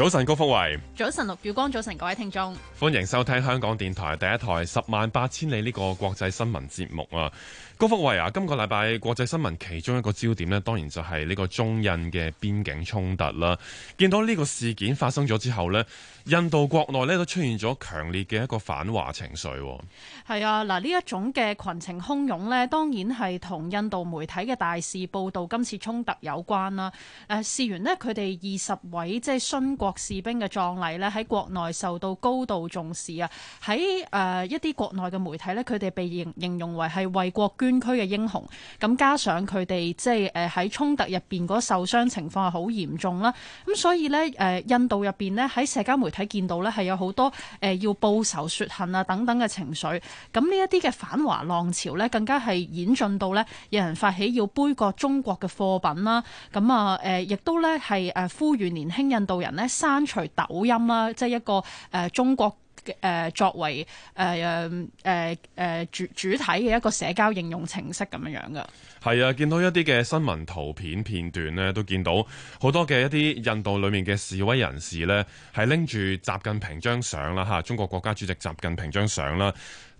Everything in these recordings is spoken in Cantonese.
早晨，高福慧。早晨，陸兆光。早晨，各位聽眾，歡迎收聽香港電台第一台《十萬八千里》呢個國際新聞節目啊！高福慧啊，今個禮拜國際新聞其中一個焦點咧，當然就係呢個中印嘅邊境衝突啦。見到呢個事件發生咗之後咧，印度國內咧都出現咗強烈嘅一個反華情緒。係啊，嗱、啊，呢一種嘅群情洶湧咧，當然係同印度媒體嘅大事報道今次衝突有關啦。誒、呃，事緣咧，佢哋二十位即係殉國。國士兵嘅葬禮呢，喺國內受到高度重視啊！喺誒一啲國內嘅媒體呢，佢哋被形容為係為，為國捐軀嘅英雄。咁加上佢哋即係誒喺衝突入邊嗰受傷情況係好嚴重啦。咁所以呢，誒印度入邊呢，喺社交媒體見到呢，係有好多誒要報仇雪恨啊等等嘅情緒。咁呢一啲嘅反華浪潮呢，更加係演進到呢，有人發起要杯葛中國嘅貨品啦。咁啊誒亦都呢，係誒呼籲年輕印度人呢。刪除抖音啦，即係一個誒、呃、中國誒、呃、作為誒誒誒主主體嘅一個社交應用程式咁樣樣嘅。係啊，見到一啲嘅新聞圖片片段咧，都見到好多嘅一啲印度裡面嘅示威人士咧，係拎住習近平張相啦嚇，中國國家主席習近平張相啦。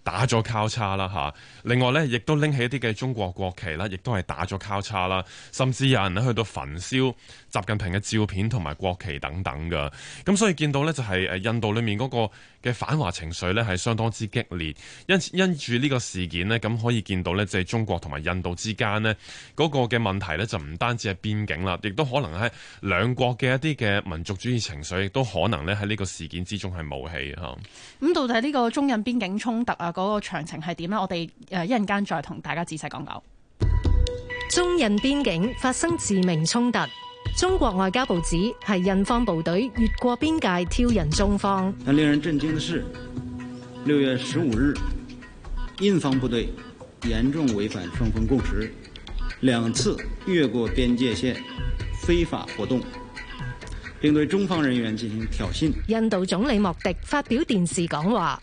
打咗交叉啦吓，另外咧亦都拎起一啲嘅中國國旗啦，亦都係打咗交叉啦，甚至有人咧去到焚燒習近平嘅照片同埋國旗等等嘅。咁所以見到咧就係誒印度裏面嗰個嘅反華情緒咧係相當之激烈。因因住呢個事件咧，咁可以見到咧就係中國同埋印度之間咧嗰個嘅問題咧就唔單止係邊境啦，亦都可能喺兩國嘅一啲嘅民族主義情緒亦都可能咧喺呢個事件之中係武器吓，咁到底呢個中印邊境衝突啊？嗰、那個詳情係點咧？我哋誒一陣間再同大家仔細講講。中印邊境發生致命衝突，中國外交部指係印方部隊越過邊界挑釁中方。但令人震驚嘅是，六月十五日，印方部隊嚴重違反雙方共識，兩次越過邊界線非法活動，並對中方人員進行挑釁。印度總理莫迪發表電視講話。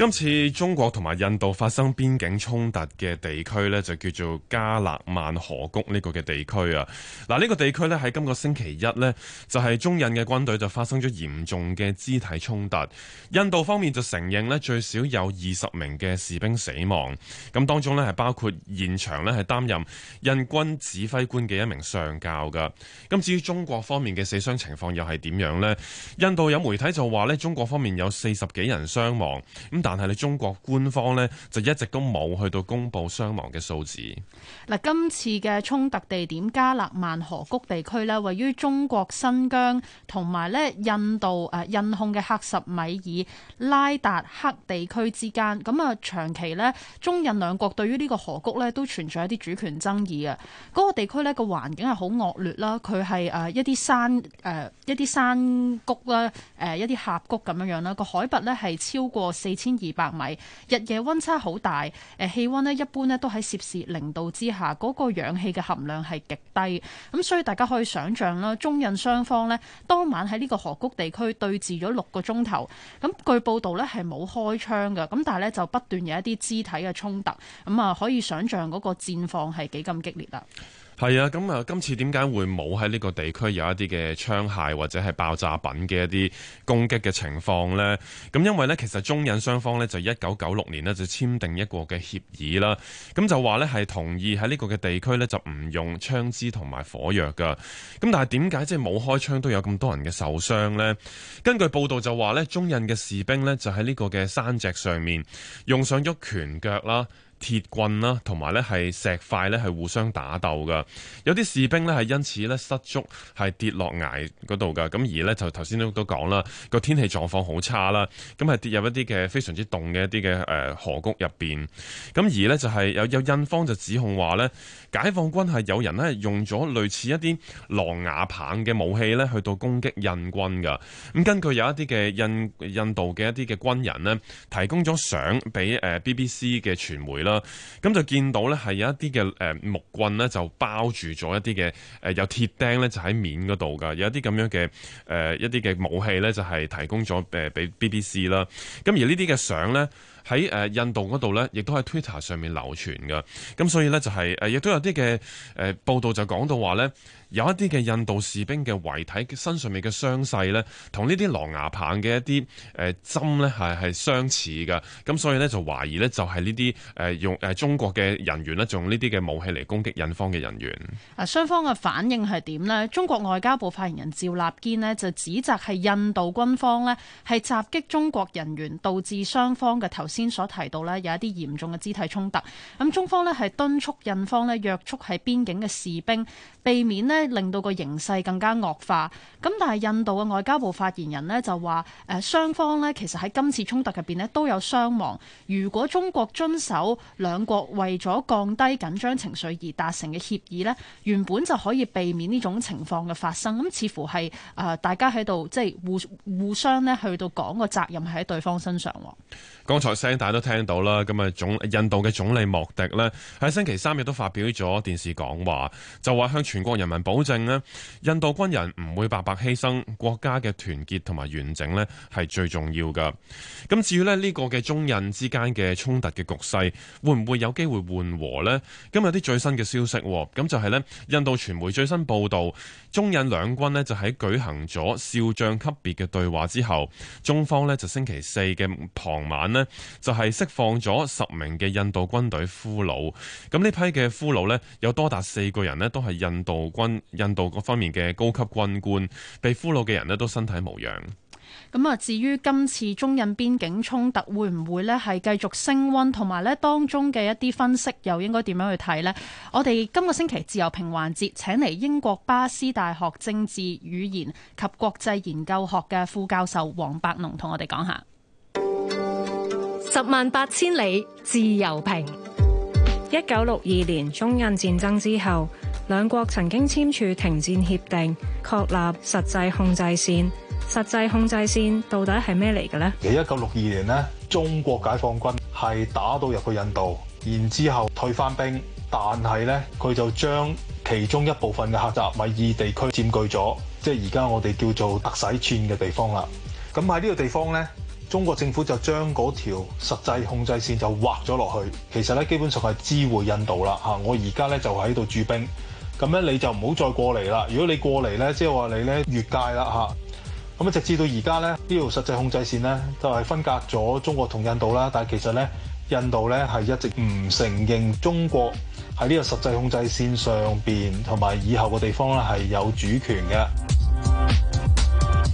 今次中國同埋印度發生邊境衝突嘅地區呢就叫做加勒萬河谷呢個嘅地區啊！嗱，呢個地區呢，喺今個星期一呢，就係中印嘅軍隊就發生咗嚴重嘅肢體衝突。印度方面就承認呢，最少有二十名嘅士兵死亡，咁當中呢，係包括現場呢，係擔任印軍指揮官嘅一名上校噶。咁至於中國方面嘅死傷情況又係點樣呢？印度有媒體就話呢，中國方面有四十幾人傷亡，咁但係你中國官方咧，就一直都冇去到公布傷亡嘅數字。嗱，今次嘅衝突地點加勒萬河谷地區咧，位於中國新疆同埋咧印度誒印控嘅克什米爾拉達克地區之間，咁啊，長期咧中印兩國對於呢個河谷咧都存在一啲主權爭議啊，嗰個地區咧個環境係好惡劣啦，佢係誒一啲山誒、呃、一啲山谷啦誒、呃、一啲峽谷咁樣樣啦。個海拔咧係超過四千。二百米，日夜溫差好大，誒，氣溫呢一般呢都喺攝氏零度之下，嗰個氧氣嘅含量係極低，咁所以大家可以想象啦，中印雙方咧當晚喺呢個河谷地區對峙咗六個鐘頭，咁據報道呢係冇開槍嘅，咁但係呢，就不斷有一啲肢體嘅衝突，咁啊可以想象嗰個戰況係幾咁激烈啦。係啊，咁啊，今次點解會冇喺呢個地區有一啲嘅槍械或者係爆炸品嘅一啲攻擊嘅情況呢？咁因為呢，其實中印雙方呢，就一九九六年呢，就簽訂一個嘅協議啦，咁就話呢，係同意喺呢個嘅地區呢，就唔用槍支同埋火藥噶。咁但係點解即係冇開槍都有咁多人嘅受傷呢？根據報道就話呢，中印嘅士兵呢，就喺呢個嘅山脊上面用上咗拳腳啦。鐵棍啦，同埋咧係石塊咧係互相打鬥噶有啲士兵咧係因此咧失足，係跌落崖嗰度噶咁而咧就頭先都都講啦，個天氣狀況好差啦，咁係跌入一啲嘅非常之凍嘅一啲嘅誒河谷入邊。咁而咧就係有有印方就指控話咧，解放軍係有人咧用咗類似一啲狼牙棒嘅武器咧去到攻擊印軍噶咁根據有一啲嘅印印度嘅一啲嘅軍人咧提供咗相俾誒 BBC 嘅傳媒啦。咁就見到咧，係有一啲嘅木棍咧，就包住咗一啲嘅有鐵釘咧，就喺面嗰度噶，有一啲咁樣嘅、呃、一啲嘅武器咧，就係提供咗誒俾 BBC 啦。咁而呢啲嘅相咧喺印度嗰度咧，亦都喺 Twitter 上面流傳噶。咁所以咧就係誒亦都有啲嘅誒報道就講到話咧。有一啲嘅印度士兵嘅遺體身上面嘅傷勢咧，同呢啲狼牙棒嘅一啲誒針咧係係相似嘅，咁所以咧就懷疑咧就係呢啲誒用誒中國嘅人員咧，仲用呢啲嘅武器嚟攻擊印方嘅人員啊，雙方嘅反應係點咧？中國外交部發言人趙立堅咧就指責係印度軍方咧係襲擊中國人員，導致雙方嘅頭先所提到咧有一啲嚴重嘅肢體衝突。咁中方咧係敦促印方咧約束喺邊境嘅士兵，避免咧。令到個形勢更加惡化，咁但係印度嘅外交部發言人呢，就話：誒雙方咧其實喺今次衝突入邊咧都有傷亡。如果中國遵守兩國為咗降低緊張情緒而達成嘅協議咧，原本就可以避免呢種情況嘅發生。咁似乎係誒大家喺度即係互互相咧去到講個責任喺對方身上。剛才聲帶大家都聽到啦，咁啊總印度嘅總理莫迪呢，喺星期三亦都發表咗電視講話，就話向全國人民。保證咧，印度軍人唔會白白犧牲國家嘅團結同埋完整呢係最重要噶。咁至於咧呢個嘅中印之間嘅衝突嘅局勢，會唔會有機會緩和呢？今日啲最新嘅消息，咁就係呢。印度傳媒最新報道，中印兩軍呢就喺舉行咗少將級別嘅對話之後，中方呢就星期四嘅傍晚呢，就係釋放咗十名嘅印度軍隊俘虜。咁呢批嘅俘虜呢，有多達四個人呢都係印度軍。印度各方面嘅高級軍官，被俘虜嘅人呢都身體無恙。咁啊，至於今次中印邊境衝突會唔會呢，係繼續升溫，同埋呢當中嘅一啲分析又應該點樣去睇呢？我哋今個星期自由評環節，請嚟，英國巴斯大學政治語言及國際研究學嘅副教授黃伯農同我哋講下。十萬八千里自由評。一九六二年中印戰爭之後，兩國曾經簽署停戰協定，確立實際控制線。實際控制線到底係咩嚟嘅咧？喺一九六二年咧，中國解放軍係打到入去印度，然之後退翻兵，但係咧佢就將其中一部分嘅克什米爾地區佔據咗，即係而家我哋叫做特使寸嘅地方啦。咁喺呢個地方咧，中國政府就將嗰條實際控制線就劃咗落去。其實咧，基本上係知會印度啦。嚇，我而家咧就喺度駐兵。咁咧你就唔好再過嚟啦。如果你過嚟咧，即係話你咧越界啦吓，咁啊，直至到而家咧，呢條實際控制線咧就係分隔咗中國同印度啦。但係其實咧，印度咧係一直唔承認中國喺呢個實際控制線上邊同埋以後嘅地方咧係有主權嘅。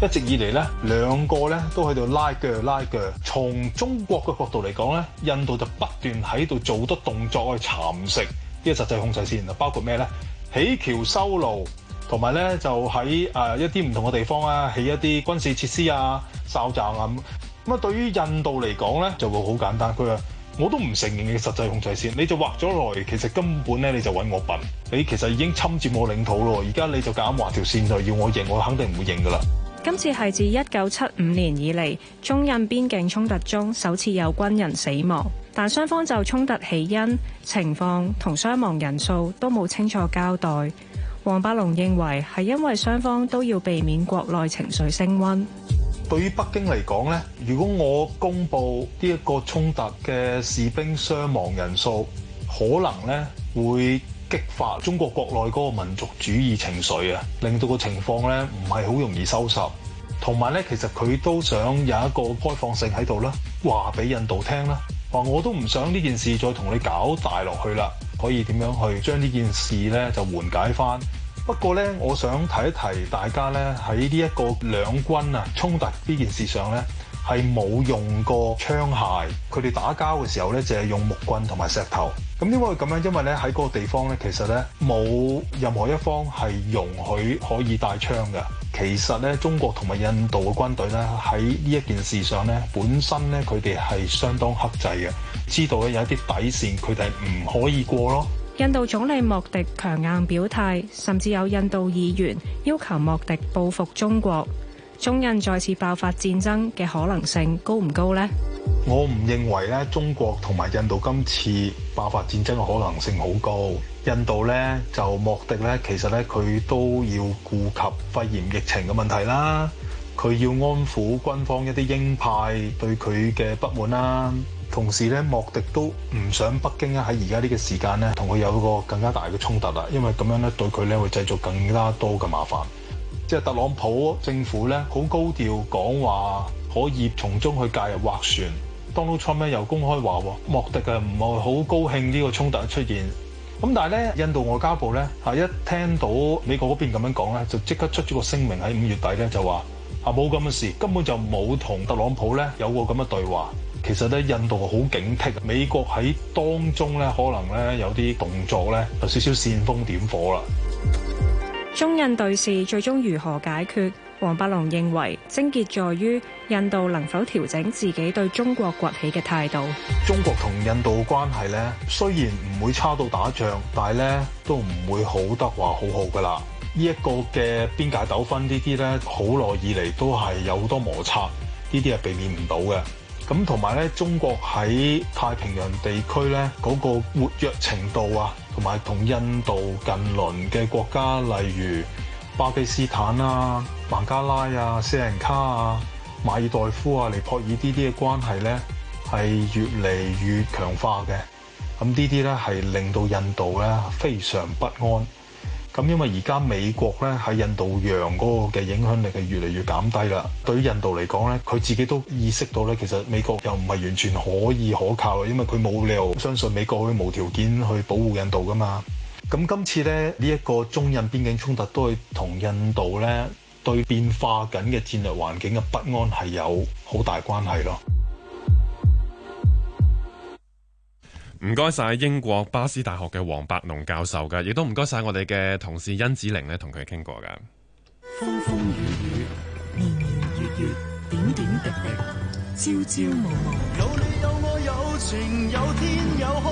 一直以嚟咧，兩個咧都喺度拉鋸拉鋸。從中國嘅角度嚟講咧，印度就不斷喺度做多動作去蠶食呢個實際控制線，包括咩咧？起橋修路，同埋咧就喺誒一啲唔同嘅地方啊，起一啲軍事設施啊、哨站啊咁。咁啊，對於印度嚟講咧，就會好簡單。佢話：我都唔承認嘅實際控制線，你就畫咗來，其實根本咧你就揾我笨。你其實已經侵佔我領土咯，而家你就夾硬畫條線就要我認，我肯定唔會認噶啦。今次係自一九七五年以嚟中印邊境衝突中首次有軍人死亡，但雙方就衝突起因、情況同傷亡人數都冇清楚交代。黃伯農認為係因為雙方都要避免國內情緒升溫。對於北京嚟講呢，如果我公布呢一個衝突嘅士兵傷亡人數，可能呢會激發中國國內嗰個民族主義情緒啊，令到個情況咧唔係好容易收拾。同埋咧，其實佢都想有一個開放性喺度啦，話俾印度聽啦，話我都唔想呢件事再同你搞大落去啦，可以點樣去將呢件事咧就緩解翻。不過咧，我想提一提大家咧喺呢一個兩軍啊衝突呢件事上咧，係冇用過槍械，佢哋打交嘅時候咧，淨係用木棍同埋石頭。咁點解會咁樣？因為咧喺嗰個地方咧，其實咧冇任何一方係容許可以帶槍嘅。其實咧，中國同埋印度嘅軍隊咧喺呢一件事上咧，本身咧佢哋係相當克制嘅，知道咧有一啲底線佢哋唔可以過咯。印度總理莫迪強硬表態，甚至有印度議員要求莫迪報復中國。中印再次爆發戰爭嘅可能性高唔高呢？我唔認為咧，中國同埋印度今次爆發戰爭嘅可能性好高。印度咧就莫迪咧，其實咧佢都要顧及肺炎疫情嘅問題啦，佢要安撫軍方一啲鷹派對佢嘅不滿啦。同時咧，莫迪都唔想北京咧喺而家呢個時間咧同佢有一個更加大嘅衝突啦，因為咁樣咧對佢咧會製造更加多嘅麻煩。即係特朗普政府咧，好高調講話可以從中去介入斡旋。Donald Trump 又公開話莫迪嘅唔係好高興呢個衝突出現。咁但係咧，印度外交部咧嚇一聽到美國嗰邊咁樣講咧，就即刻出咗個聲明，喺五月底咧就話嚇冇咁嘅事，根本就冇同特朗普咧有過咁嘅對話。其實咧，印度好警惕美國喺當中咧可能咧有啲動作咧，有少少煽風點火啦。中印對峙最終如何解決？黃伯農認為，症結在於印度能否調整自己對中國崛起嘅態度。中國同印度的關係咧，雖然唔會差到打仗，但係咧都唔會好得話好好噶啦。呢、這、一個嘅邊界糾紛這些呢啲咧，好耐以嚟都係有好多摩擦，呢啲係避免唔到嘅。咁同埋咧，中國喺太平洋地區咧嗰個活躍程度啊，同埋同印度近鄰嘅國家，例如巴基斯坦啊、孟加拉啊、斯里蘭卡啊、馬爾代夫啊、尼泊爾呢啲嘅關係咧，係越嚟越強化嘅。咁呢啲咧係令到印度咧非常不安。咁因為而家美國咧喺印度洋嗰個嘅影響力係越嚟越減低啦，對於印度嚟講咧，佢自己都意識到咧，其實美國又唔係完全可以可靠，因為佢冇理由相信美國會無條件去保護印度噶嘛。咁今次咧呢一個中印邊境衝突都係同印度咧對變化緊嘅戰略環境嘅不安係有好大關係咯。唔該晒英國巴斯大學嘅黃伯農教授噶，亦都唔該晒我哋嘅同事殷子玲呢同佢傾過噶。風風雨雨，年年月月，點點滴滴，朝朝暮暮。有你有我有情有天有海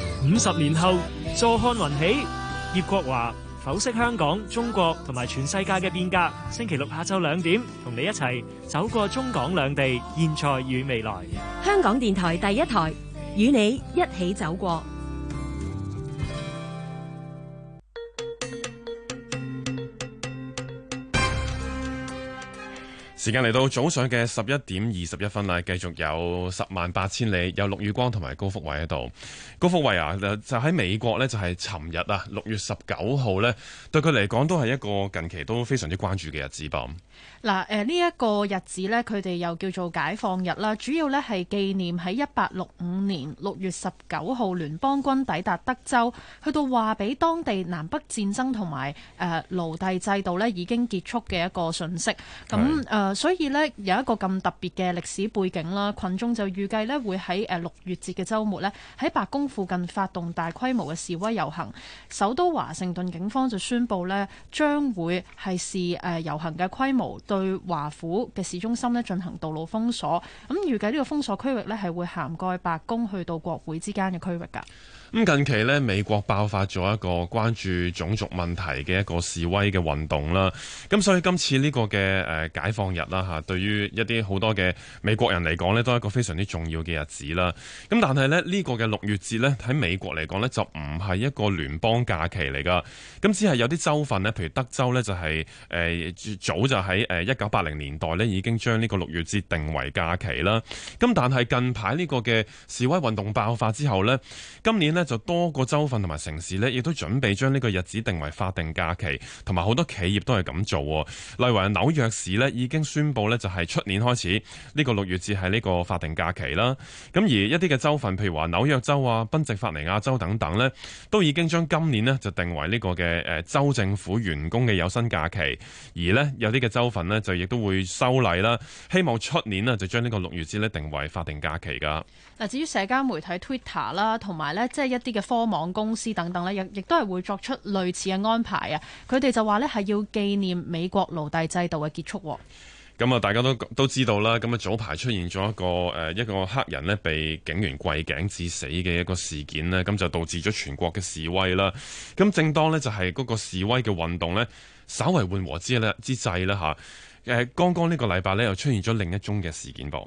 有地。五十年後，坐看雲起，葉國華。剖析香港、中國同埋全世界嘅變革，星期六下晝兩點同你一齊走過中港兩地現在與未來，香港電台第一台，與你一起走過。時間嚟到早上嘅十一點二十一分啦，繼續有十萬八千里，有陸宇光同埋高福慧喺度。高福慧啊，就喺美國呢，就係尋日啊，六月十九號呢，對佢嚟講都係一個近期都非常之關注嘅日子噃。嗱，誒呢一個日子呢，佢哋又叫做解放日啦，主要呢係紀念喺一八六五年六月十九號聯邦軍抵達德州，去到話俾當地南北戰爭同埋誒奴隸制度呢已經結束嘅一個訊息。咁誒。所以呢，有一個咁特別嘅歷史背景啦，群眾就預計呢會喺誒六月節嘅週末呢喺白宮附近發動大規模嘅示威遊行。首都華盛頓警方就宣布呢將會係視誒遊行嘅規模，對華府嘅市中心呢進行道路封鎖。咁預計呢個封鎖區域呢，係會涵蓋白宮去到國會之間嘅區域㗎。咁近期咧，美國爆發咗一個關注種族問題嘅一個示威嘅運動啦。咁所以今次呢個嘅解放日啦嚇，對於一啲好多嘅美國人嚟講呢都係一個非常之重要嘅日子啦。咁但係咧，呢、呢個嘅六月節呢，喺美國嚟講呢，就唔係一個聯邦假期嚟㗎。咁只係有啲州份呢，譬如德州呢、就係，就、呃、係早就喺誒一九八零年代呢已經將呢個六月節定為假期啦。咁但係近排呢個嘅示威運動爆發之後呢，今年呢。就多個州份同埋城市呢亦都準備將呢個日子定為法定假期，同埋好多企業都係咁做。例如話紐約市呢已經宣布呢就係出年開始呢個六月節係呢個法定假期啦。咁而一啲嘅州份，譬如話紐約州啊、賓夕法尼亞州等等呢都已經將今年呢就定為呢個嘅誒州政府員工嘅有薪假期。而呢有啲嘅州份呢，就亦都會修例啦，希望出年呢就將呢個六月節呢定為法定假期噶。嗱，至於社交媒體 Twitter 啦，同埋呢。即係。一啲嘅科網公司等等咧，亦亦都係會作出類似嘅安排啊！佢哋就話咧係要紀念美國奴隸制度嘅結束。咁啊，大家都都知道啦。咁啊，早排出現咗一個誒，一個黑人呢，被警員跪頸致死嘅一個事件呢，咁就導致咗全國嘅示威啦。咁正當呢，就係嗰個示威嘅運動呢，稍為緩和之咧之際啦吓。誒，剛剛呢個禮拜呢，又出現咗另一宗嘅事件噃。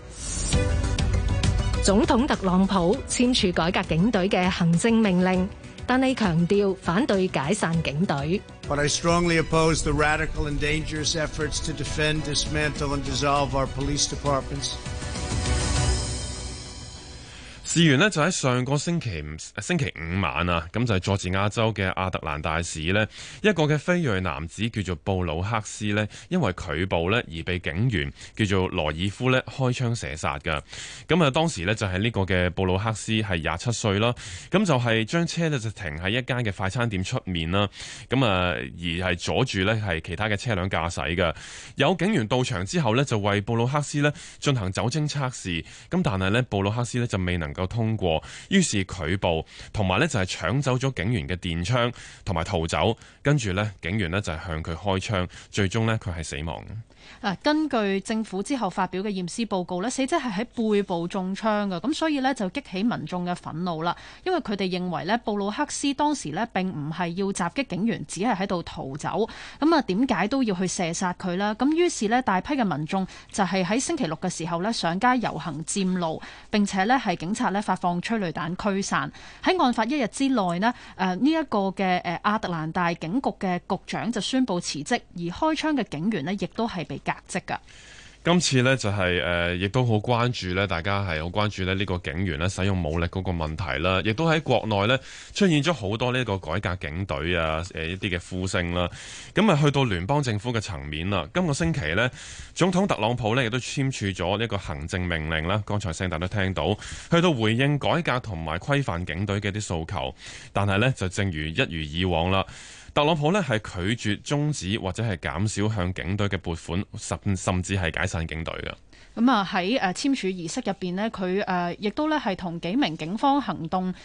總統特朗普簽署改革警隊嘅行政命令，但係強調反對解散警隊。But I 事源呢就喺上個星期五星期五晚啊，咁就係佐治亞州嘅亞特蘭大市呢，一個嘅非裔男子叫做布魯克斯呢，因為拒捕呢而被警員叫做羅爾夫呢開槍射殺㗎。咁啊，當時呢就係呢個嘅布魯克斯係廿七歲啦，咁就係將車呢就停喺一間嘅快餐店出面啦，咁啊而係阻住呢係其他嘅車輛駕駛㗎。有警員到場之後呢，就為布魯克斯呢進行酒精測試，咁但係呢，布魯克斯呢就未能夠有通過，於是拒捕，同埋咧就係搶走咗警員嘅電槍，同埋逃走。跟住咧，警員呢就係向佢開槍，最終呢，佢係死亡。根據政府之後發表嘅驗屍報告咧，死者係喺背部中槍嘅，咁所以呢就激起民眾嘅憤怒啦。因為佢哋認為咧，布魯克斯當時呢並唔係要襲擊警員，只係喺度逃走。咁啊，點解都要去射殺佢呢？咁於是呢大批嘅民眾就係喺星期六嘅時候呢上街遊行佔路，並且呢係警察呢發放催淚彈驅散。喺案發一日之內呢，誒呢一個嘅誒亞特蘭大警局嘅局長就宣布辭職，而開槍嘅警員呢亦都係。被今次呢、就係，就係誒，亦都好關注咧，大家係好關注咧呢個警員咧使用武力嗰個問題啦。亦都喺國內咧出現咗好多呢個改革警隊啊誒一啲嘅呼聲啦。咁啊去到聯邦政府嘅層面啦，今、今個星期呢，總統特朗普呢亦都簽署咗一個行政命令啦。剛才聲大都聽到，去到回應改革同埋規範警隊嘅啲訴求，但係呢，就正如一如以往啦。特朗普咧係拒絕終止或者係減少向警隊嘅撥款，甚甚至係解散警隊嘅。咁啊喺誒簽署儀式入邊咧，佢誒亦都咧係同幾名警方行動誒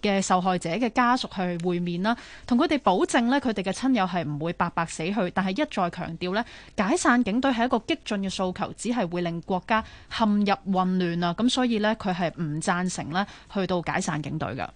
嘅、呃、受害者嘅家屬去會面啦，同佢哋保證咧佢哋嘅親友係唔會白白死去，但係一再強調咧解散警隊係一個激進嘅訴求，只係會令國家陷入混亂啊！咁所以咧佢係唔贊成咧去到解散警隊嘅。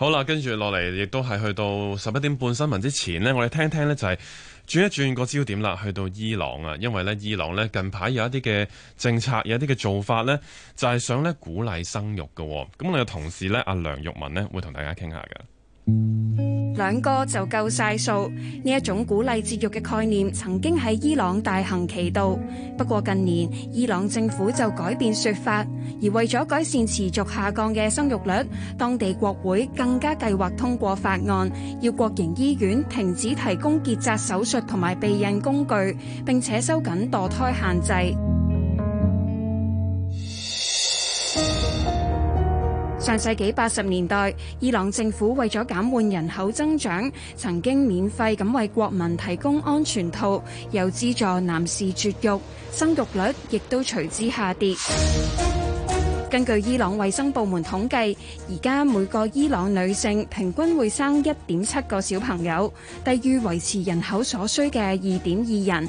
好啦，跟住落嚟亦都係去到十一點半新聞之前呢，我哋聽聽呢就係轉一轉個焦點啦，去到伊朗啊，因為呢伊朗呢近排有一啲嘅政策，有一啲嘅做法呢，就係想呢鼓勵生育喎。咁我哋嘅同事呢，阿梁鈺雯呢，會同大家傾下㗎。嗯兩個就夠晒數，呢一種鼓勵節育嘅概念曾經喺伊朗大行其道。不過近年，伊朗政府就改變說法，而為咗改善持續下降嘅生育率，當地國會更加計劃通過法案，要國營醫院停止提供結紮手術同埋避孕工具，並且收緊墮胎限制。上世紀八十年代，伊朗政府為咗減緩人口增長，曾經免費咁為國民提供安全套，又資助男士絕育，生育率亦都隨之下跌。根據伊朗衛生部門統計，而家每個伊朗女性平均會生一點七個小朋友，低於維持人口所需嘅二點二人。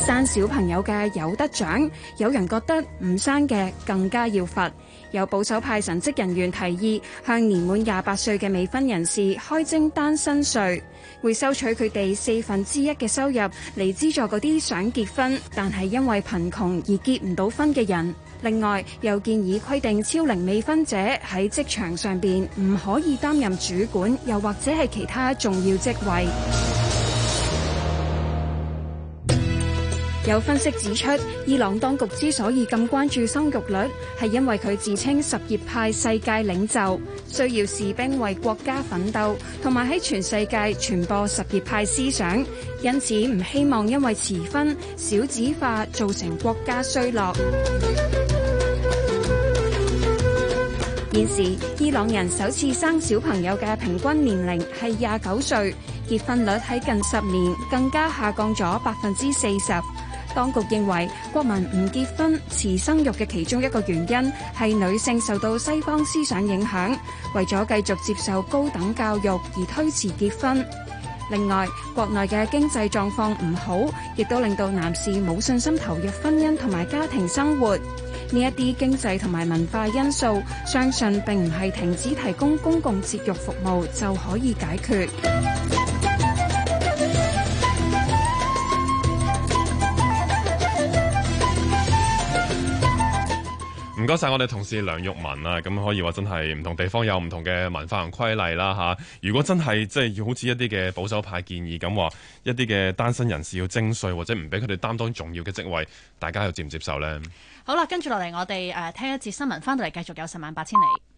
生小朋友嘅有得獎，有人覺得唔生嘅更加要罰。有保守派神職人員提議向年滿廿八歲嘅未婚人士開徵單身稅，會收取佢哋四分之一嘅收入嚟資助嗰啲想結婚但係因為貧窮而結唔到婚嘅人。另外，又建議規定超齡未婚者喺職場上面唔可以擔任主管，又或者係其他重要職位。有分析指出，伊朗當局之所以咁關注生育率，係因為佢自稱什葉派世界領袖，需要士兵為國家奮鬥，同埋喺全世界傳播什葉派思想，因此唔希望因為遲婚、少子化造成國家衰落。 現時伊朗人首次生小朋友嘅平均年齡係廿九歲，結婚率喺近十年更加下降咗百分之四十。當局認為，國民唔結婚、遲生育嘅其中一個原因係女性受到西方思想影響，為咗繼續接受高等教育而推遲結婚。另外，國內嘅經濟狀況唔好，亦都令到男士冇信心投入婚姻同埋家庭生活。呢一啲經濟同埋文化因素，相信並唔係停止提供公共節育服務就可以解決。多謝我哋同事梁鈺雯啊，咁可以話真係唔同地方有唔同嘅文化同規例啦吓。如果真係即係要好似一啲嘅保守派建議咁話，一啲嘅單身人士要徵稅或者唔俾佢哋擔當重要嘅職位，大家又接唔接受咧？好啦，跟住落嚟我哋誒聽一節新聞，翻到嚟繼續有十萬八千里。